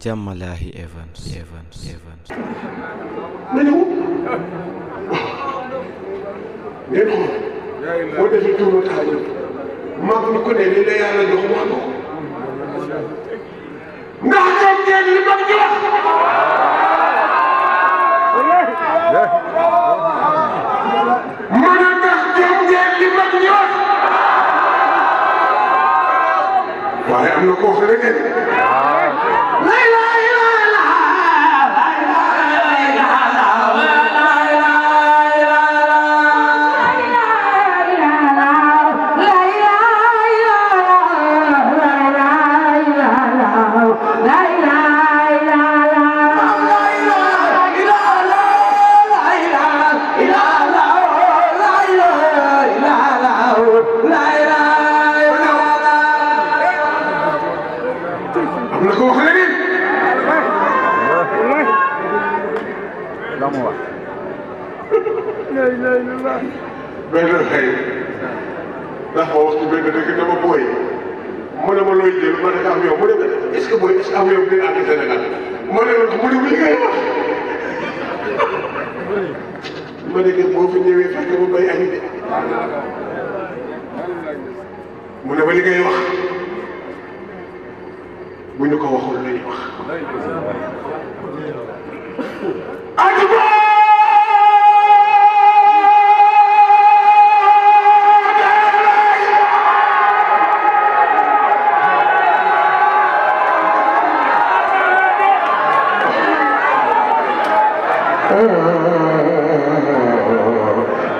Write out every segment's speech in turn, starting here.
Jamalaahi Evans Evans Evans. na ñëw. ngeen xool. boo defee tuuma tax a jóg. mag ñu ko ne li la yàlla jox mu am ko. ndax xam ngeen li mag ñu wax. ma ne ndax xam ngeen li mag ñu wax. waaye am na koo xam ne benn xëy ndax ma wax ci benn dëkk dama booy mu ne ma looy jël ma ne avion mu ne est-ce que booy est-ce que avion bi dina àgg mu ne ma ne ko boo fi ñëwee fekk wax bu ñu wax.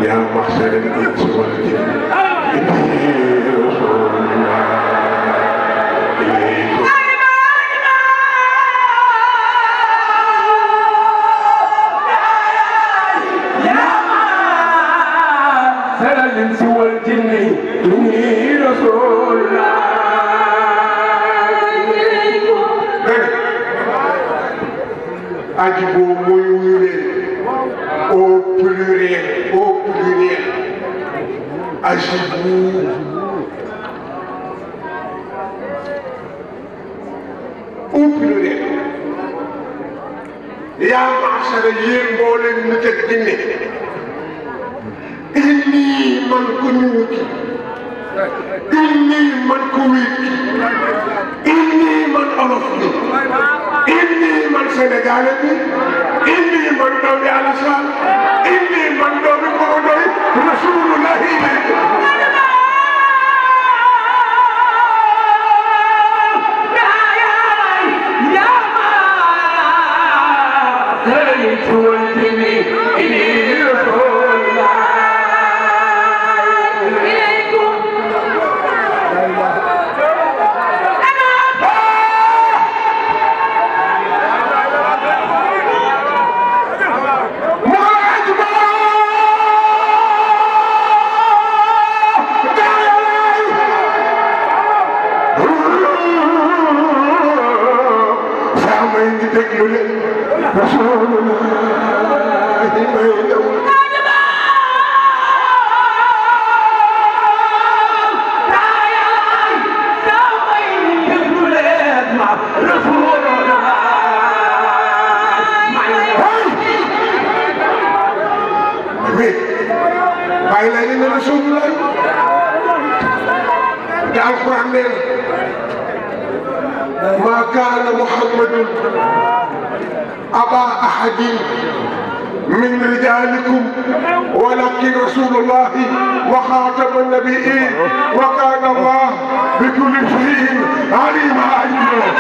يا محسن الإنس والجن إني رسول الله aji boobu mooy wuyu leen au pluriel ajibu au pluriel yaa maasara yéen mboolem nit ak inni man ko inni man ko got guaranteed. محمد ما كان محمد أبا أحد من رجالكم ولكن رسول الله وخاتم النبيين وكان الله بكل شيء عليم أجمل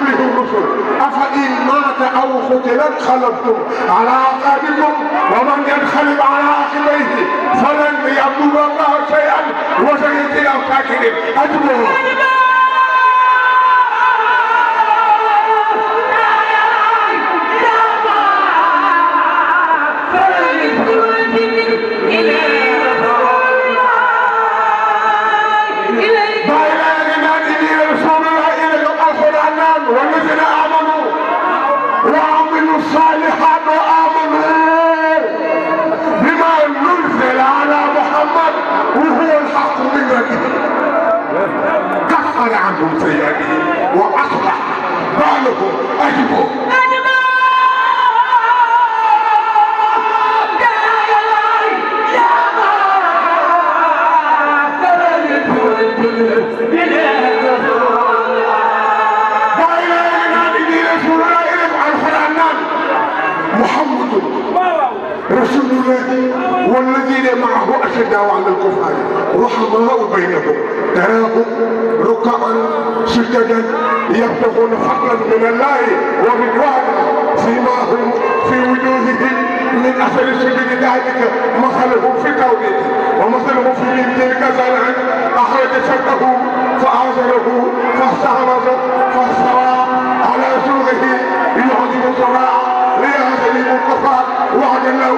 قبله الرسل أفإن مات أو قتل انقلبتم على أعقابكم ومن ينقلب على عقبيه فلن يضر الله شيئا وسيجزي الكافرين أجمعون إلى عن عنهم سيئاتهم واصلح بالكم اجبوا الرحماء بينهم تراهم ركعا سجدا يبتغون فضلا من الله ورضوانا سيماهم في وجوههم من اثر سجود ذلك مثلهم في توحيده ومثلهم في من تلك زرعا اخرج شده فاعزله فاستعرض فاستوى على سوره يعجب الزراع ليعزل المنقصات وعد الله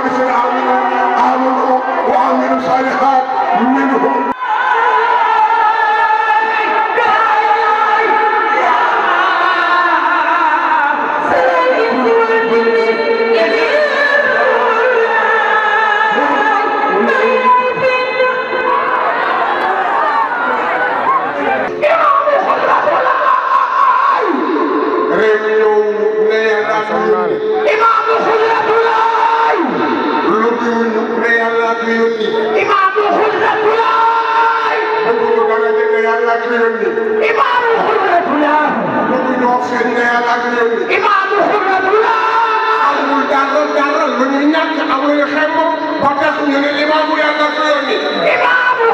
amuñu xel moom ba tax ñu ne imaam bu yàlla ko yónni. imaam bu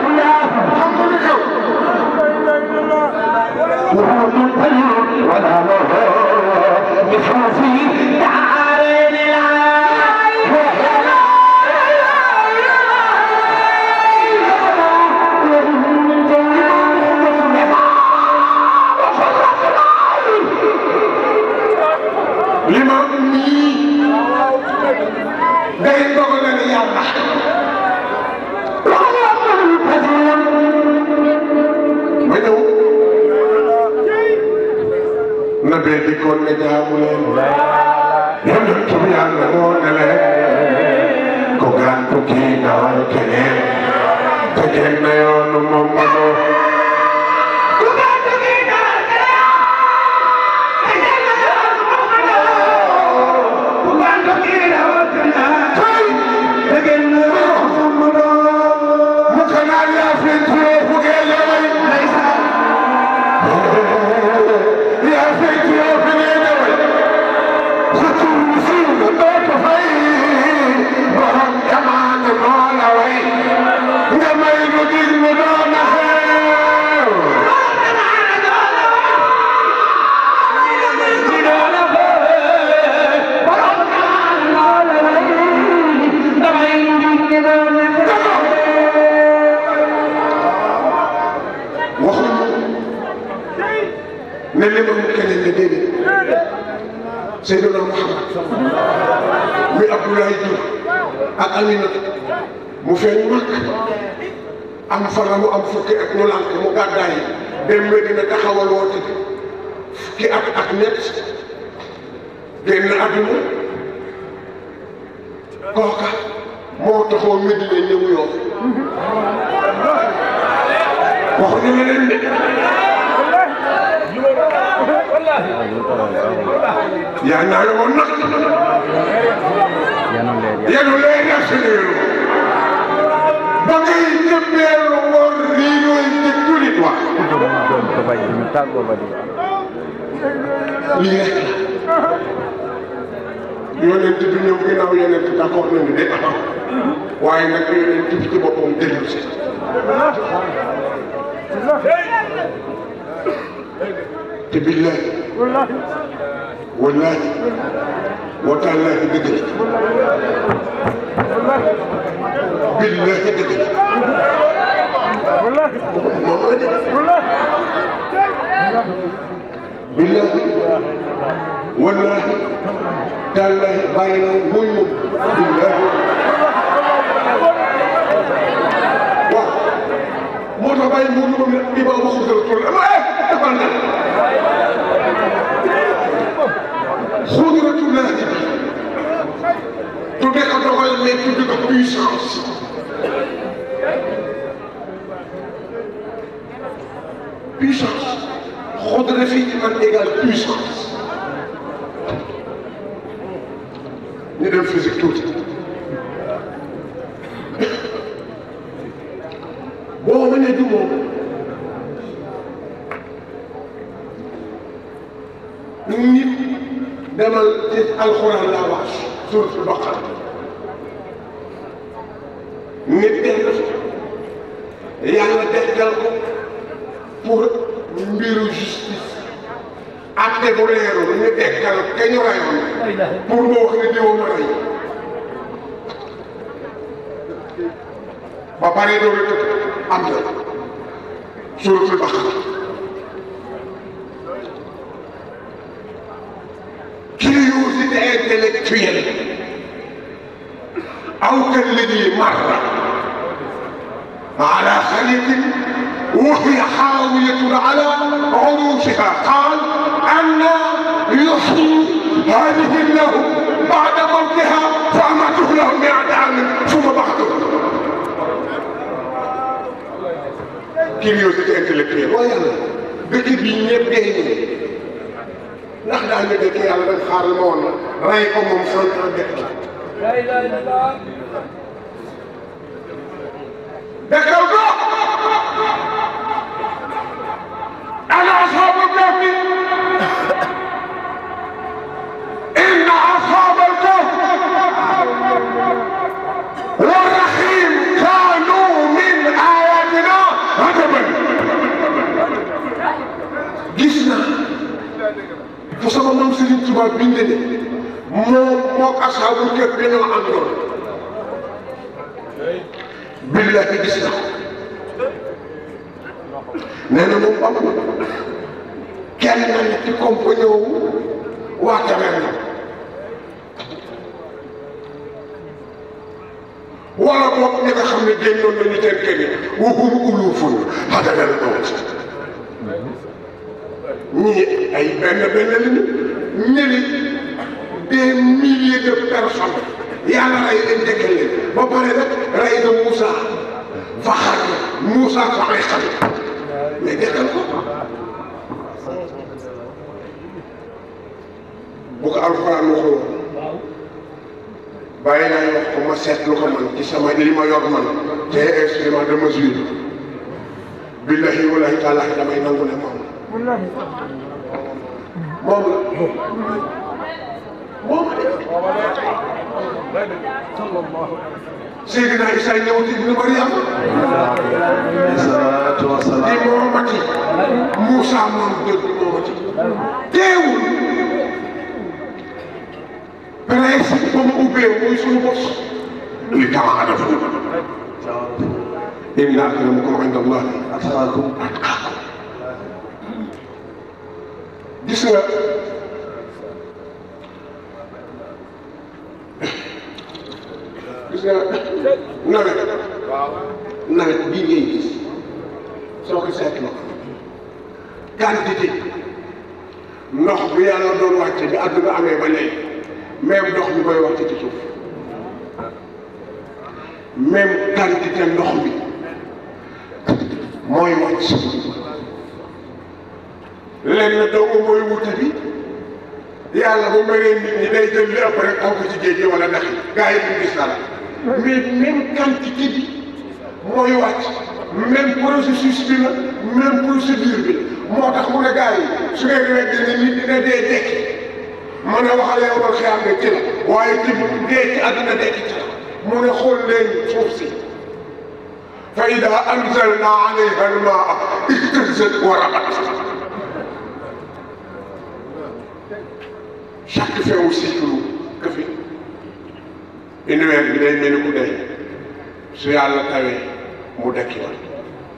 xam nga lu xew. be di kon ne jaamu leen yonent bi yàlla moo ne leen ko gàntu kii na waru keneen te kenn na yoonu moom manoo wulk am fana mu am fukki ak ñu lànk mu gàddaay dem Medina taxawal woote fukki at ak ñett génn àdduna kooka moo taxoo Medina ñëw yoon wax ñu leen de yaa naa woon nag yanu lee téeméeru woon lii ñooy ci tulit wax. lii rek la. yonent bi ñëw ginnaaw yonent d'accord nañu de waaye nag yonent bi ci boppam dellu si. te billahi wallahi wataal laa ci dëgg la bill laa ci dëgg la moom la def billaahi wallaahi tallaahi bàyyi naa mooy moom billaahi waaw moo tax bàyyi mu dugg nag di ba waxu sa tur am eh defal na suñu retour la beaucoup de puissance. Puissance. Rodréphi man égale puissance. ñu dem physique tuuti. boo mënee du moom. nit demal ci alxuraan laa wax suuratul Baqara méttee na yàlla déggal ko pour mbiru justice atte bu leeru ñu déggal ka ñu rayoon pour mu wax ne diwoo ma rey ba pare doo rek am na suuratul Baqara curiosité intellectuelle aw kan على خليط وهي حاوية على عروشها قال أن يحيي هذه له بعد موتها فأماته لهم مئة عام ثم بعده كيميوزيك انتلكتير ويلا بكبين يبدأ نحن أهل على الخارمون رأيكم من صوت لا إله إلا الله ذكرته أنا أصحاب الكهف إن أصحاب الكهف والرحيم كانوا من آياتنا عجبا جسنا فصلى الله مسلم تبا بندني موك أصحاب الكهف بينا أنظر billahi gis na ko nee na moom am kenn na ne ci waa Cameroun wala boog ñi nga ne génnoon nañu seen kër yi waxum uluufun xadaral mawt ay benn benn lañu ñëli des milliers de personnes yàlla rey leen déggal leen ba pare nag rey na Moussa fa xar Moussa fa ay xar mais déggal ko bu ko alxuraan waxoon bàyyi naa wax ko ma seet lu ko man ci sama li ma yor man te instrument de mesure billahi wallahi taala damay nangu ne moom moom la moom la Seydina Isa ñëw ci ñu bëri am. salaatu wa salaam di moomati. Moussa moom dëgg moomati. teewul. principe ba mu ubbee muy suñu bos. luy taw a adama. inna akramakum inda Allahi atqaakum. gis nga. gis nga nawet nawet bii gis soo ko seetloo quantité ndox bi yàlla doon wàcce bi àdduna amee ba léegi même ndox mi koy wàcce ci suuf même quantité ndox mi mooy wàcc lenn doogu mooy wuute bi yàlla bu meree nit ñi day jël li ëpp rek aw ko ci géej gi wala ndax yi gaa yi duñ mais même quantité bi mooy wàcc même processus bi la même procédure bi moo tax mu ne gars yi su ngeen weddee ni nit dina dee dekki mën a waxale yow xiyam ne ci la waaye ci dee ci àdduna dekki ci la mu ne xool leen suuf si فإذا أنزلنا عليها الماء اهتزت وربت chaque fait au cycle que fait univers bi day mel ni ku dee su yàlla tawee